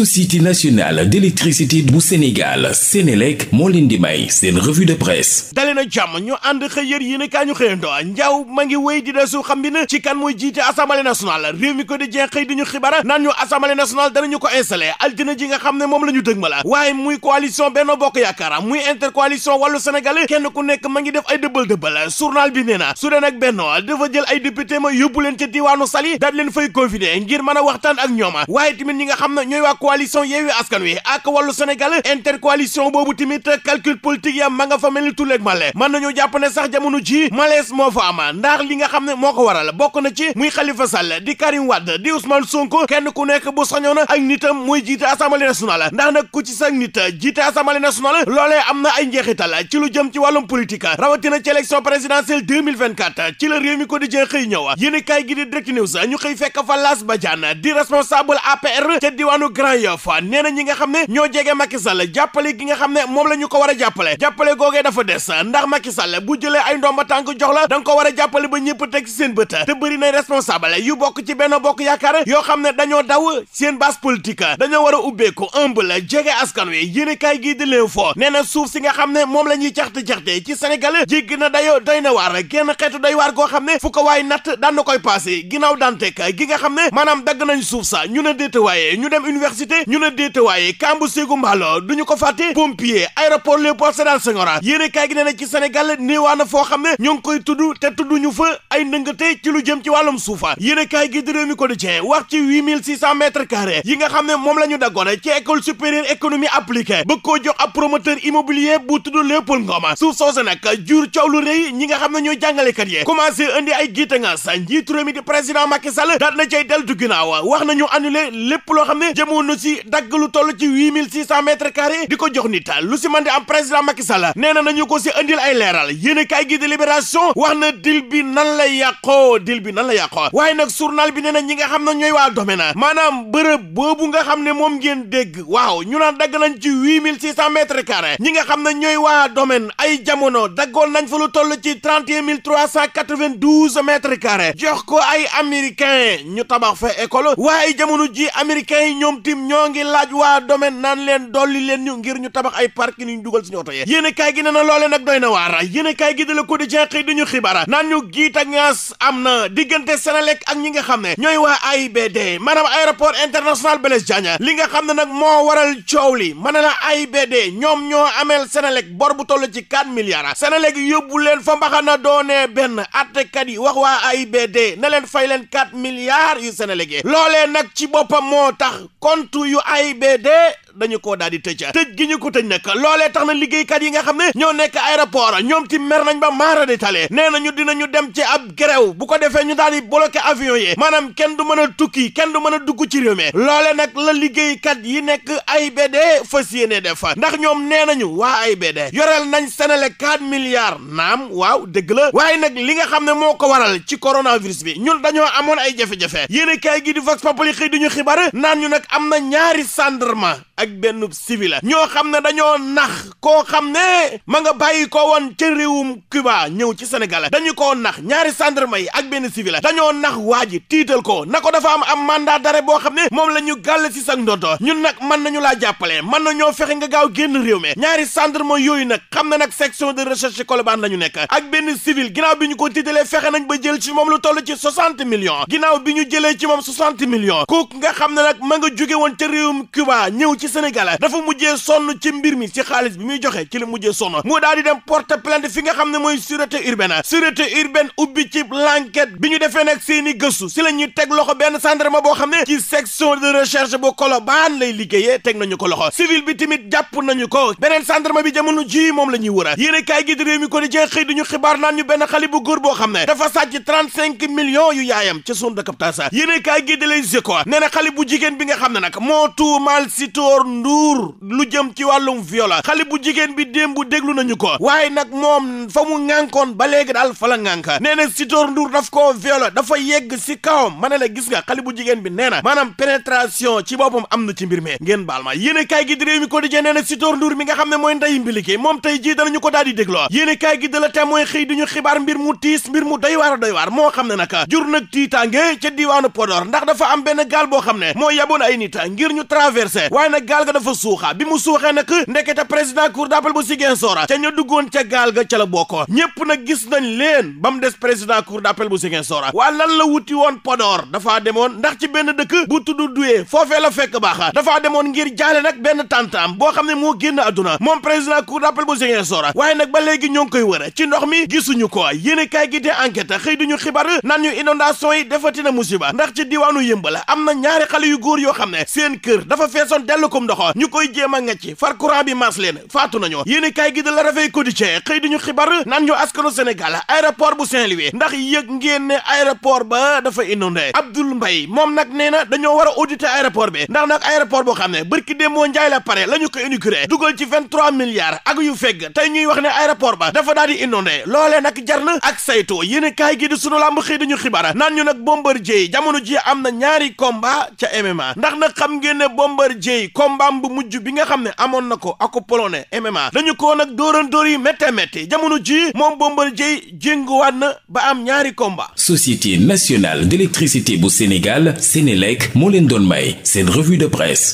société nationale d'électricité bu Sénégal Sénélec moo leen di may seen revue de presse dali na jàmm ñu ànd xëy yër yéen ñu xëyando njaaw ma ngi wéy di desu xam bi na ci kan mooy jiite assemblée nationale réew mi ko di jeex xëy di ñu xibara naan ñu assemblée nationale danañu ko installé altine ji nga xam ne moom la ñu dëg ma la waaye muy coalition Benno Bokk Yaakaar muy intercoalition wàllu Sénégal kenn ku nekk ma ngi def ay dëbbal dëbbal su ma yóbbu leen ca diwaanu Saly daal leen fay confiné ngir a waxtaan ak ñooma coalition Yewwi Askan Wi ak wàllu Sénégal intercoalition boobu tamit calcul politique ya ma nga fa mel ni tulleeg male mën nañoo jàpp ne sax jamono ji malaise moo fa ama ndax li nga xam ne moo ko waral bokk na ci muy Khalifa Sall di Karim Wade di Ousmane Sonko kenn ku nekk bu sañoon ak nitam muy jiite assemblée nationale ndax nag ku ci sa nit jiite assemblée nationale loolee am na ay njeexital ci lu jëm ci wàllum politique rawatina ci élection présidentielle 2024 ci Grand Yoff nee na ñi nga xam ne ñoo jege Macky Sall jàppale gi nga xam ne moom la ñu ko war a jàppale jàppale googee dafa des ndax Macky Sall bu jëlee ay ndomba tànk jox la da nga ko war a jàppale ba ñëpp teg ci seen bët te bëri na responsable yu bokk ci benn bokk yaakaar yoo xam ne dañoo daw seen base politique dañoo war a ubbeeku humble jege askan wi yéene kaay gii leen foo nee suuf si nga xam ne moom la ñuy caxte-caxte ci Sénégal jéggi cité ñu ne déete waaye kambu séegu mbaalo du ñu ko fàtte pompier aéroport Léopold Sédar Senghor yéene kaay gi nee ci Sénégal néewaa foo xam ne ñoo koy tudd te tudd fa ay ndëngate ci lu jëm ci wàllum suufa yéene kaay gi di réew mi quotidien wax ci 8600 mètres yi nga xam ne moom la ñu ci école supérieure économie appliquée bëgg koo jox ab promoteur immobilier bu tudd Léopold Ngoma suuf soose nag jur coow lu rëy ñi nga xam ne ñooy jàngalekat yi toll ci dagg lu toll ci huit mille six cent mètres di ko jox nit lu si man di am président Macky Sall nee na nañu ko si andil ay leeral yéen i kaay gi di Libération wax na dil bi nan la yàqoo dil bi nan la yàqoo waaye nag journal bi nee na ñi nga xam na ñooy waa domaine maanaam bërëb boobu nga xam ne moom ngeen dégg waaw ñu naan dagg nañ ci huit mille six cent mètres ñi nga xam ne ñooy waa domaine ay jamono daggoon nañ fa lu toll ci trente et un mille trois cent quatre-vingt-douze mètres carrés jox ko ay américain ñu tabax fa école waaye jamono ji américain yi ñoom tim ñoo ngi laaj waa domaine naan leen dolli leen ñu ngir ñu tabax ay parking yu ñu dugal suñu oto yee yéen kaay gi ne na loole nag doy na waar yéen kaay gi de la quotidien xëy dañu xibaar naan ñu giita ngaas am na diggante Senelec ak ñi nga xam ne ñooy waa AIBD maanaam aéroport international Blaise Diagne li nga xam ne nag moo waral coow li mën na la AIBD ñoom ñoo ameel Senelec bor bu toll ci 4 milliards Senelec yóbbu leen fa mbaxana doonee benn attekat yi wax waa AIBD na leen fay leen 4 milliards yu Senelec loolee nag ci boppam moo tax surtout yu d dañu ko daal di tëj tëj gi ñu ko tëj nag loolee tax na liggéeykat yi nga xam ne ñoo nekk aéroport ñoom ci mer nañ ba maara di tale nee nañu dinañu dem ci ab grève bu ko defee ñu daal di bloqué avion yi maanaam kenn du mën a tukki kenn du mën a dugg ci réew mi loole nag la liggéeykat yi nekk ay AIBD fas yéene def ndax ñoom nee nañu waa AIBD yoreel nañ Senelec 4 milliards naam waaw dëgg la waaye nag li nga xam ne moo ko waral ci coronavirus bi ñun dañoo amoon ay jafe-jafe yéen a kaay gi di Vox Populi xëy di ñu xibaar naan ñu nag am na ñaari gendarme ak benn civil ñoo xam ne dañoo nax koo xam ne ma nga bàyyi ko woon ca réewum Cuba ñëw ci Sénégal dañu koo nax ñaari gendarme yi ak benn civil dañoo nax waa ji tiital ko na ko dafa am am mandat d'arrêt boo xam ne moom la ñu gàll si sa ndonto ñu nag mën nañu laa jàppale mën nañoo fexe nga gaaw génn réew mi ñaari gendarme yooyu nag xam ne nag section de recherche Colobane la ñu nekk ak benn civil ginnaaw bi ñu ko tiitalee fexe nañ ba jël ci moom lu toll ci soixante millions ginnaaw bi moom soixante millions kooku nga xam ne nag ma nga jóge woon ca réewum Cuba ñëw ci sénégalais dafa mujjee sonn ci mbir mi ci xaalis bi muy joxe ci la mujjee sonn mu daal di dem porter plainte fi nga xam ne mooy sûreté urbaine sûreté urbaine ubbi ci l'enquête bi ñu defee nag seeni gëstu si la ñuy teg loxo benn gendarme boo xam ne ci section de recherche bu Colobane lay liggéeyee teg nañu ko loxo civil bi tamit jàpp nañu ko beneen gendarme bi jamono ji moom la ñuy wër a yéene kaay gi di réew mi ko di jeex xëy duñu xibaar naan ñu benn xale bu góor boo xam ne dafa sàcc trente-cinq millions yu yaayam son dëkkab tasa yéene kaay gi di lay bu jigéen bi nga xam ne nag moo tuumaal si tóor Ndour lu jëm ci wàllum viol xale bu jigéen bi démb déglu ñu ko waaye nag moom fa mu ŋànkoon ba léegi daal fa la ŋànk nee na Sitor Ndour daf koo viol dafa yegg si kawam ma ne la gis nga xale bu jigéen bi nee na maanaam pénétration ci boppam am na ci mbir mi ngeen baal ma yéen a kaay gi di réew mi quotidien nee na Sitor Ndour mi nga xam ne mooy ndeyi mbiliki moom tey jii danañu ko daal di dégloo yéen a kaay gi da la témoin xëy duñu xibaar mbir mu tiis mbir mu doy waar a doy waar moo xam ne nag jur nag tiitaange ca diiwaanu ndax dafa am benn gaal boo xam ne moo yaboon ay nit ngir ñu traversé gaal ga dafa suuxa bi mu suuxee nag ndekete président cour d'appel bu Ziguinchor ca ñu duggoon ca gaal ga ca la bokk ñëpp nag gis nañ leen ba mu des président cour d'appel bu Ziguinchor waa lan la wuti woon Podor dafaa demoon ndax ci benn dëkk bu tudd Doué foofee fekk baax dafa demoon ngir jaale nag benn tantaam boo xam ne moo génn àdduna moom président cour d'appel bu Ziguinchor waaye nag ba léegi ñoo ngi koy wër ci ndox mi gisuñu ko yéen kaay gi te enquête xëy duñu xibaar naan ñu inondation yi defati na musiba ndax ci diwaanu Yëmbal am na ñaari xale yu góor yoo xam ne seen kër dafa feesoon mbàkkum ndox ñu koy jéem a ngecc far courant bi mas leen faatu nañu yéen kaay gi da la rafet quotidien xëy duñu xibar naan ñu askanu Sénégal aéroport bu Saint-Louis ndax yëg ngeen ne ba dafa inondé Abdoul Mbaye moom nag nee na dañoo war a auditer aéroport bi ndax nag aéroport boo xam ne bërki démoo njaay la pare la ko inauguré dugal ci vingt ak yu fegg tey ñuy wax ne aéroport ba dafa daal di inondé loolee nag jar na ak saytu yéen kaay gi di sunu lamb xëy dañu xibaar naan ñu nag Bombardier kombaam bu mujj bi nga xam ne amoon na ko ako polone MMA dañu ko nag dóoran dóor yi métte métte jamono ji moom Bombardier jénguwaat na ba am ñaari combat société nationale d'électricité bu Sénégal Sénélec moo leen doon may seen revue de presse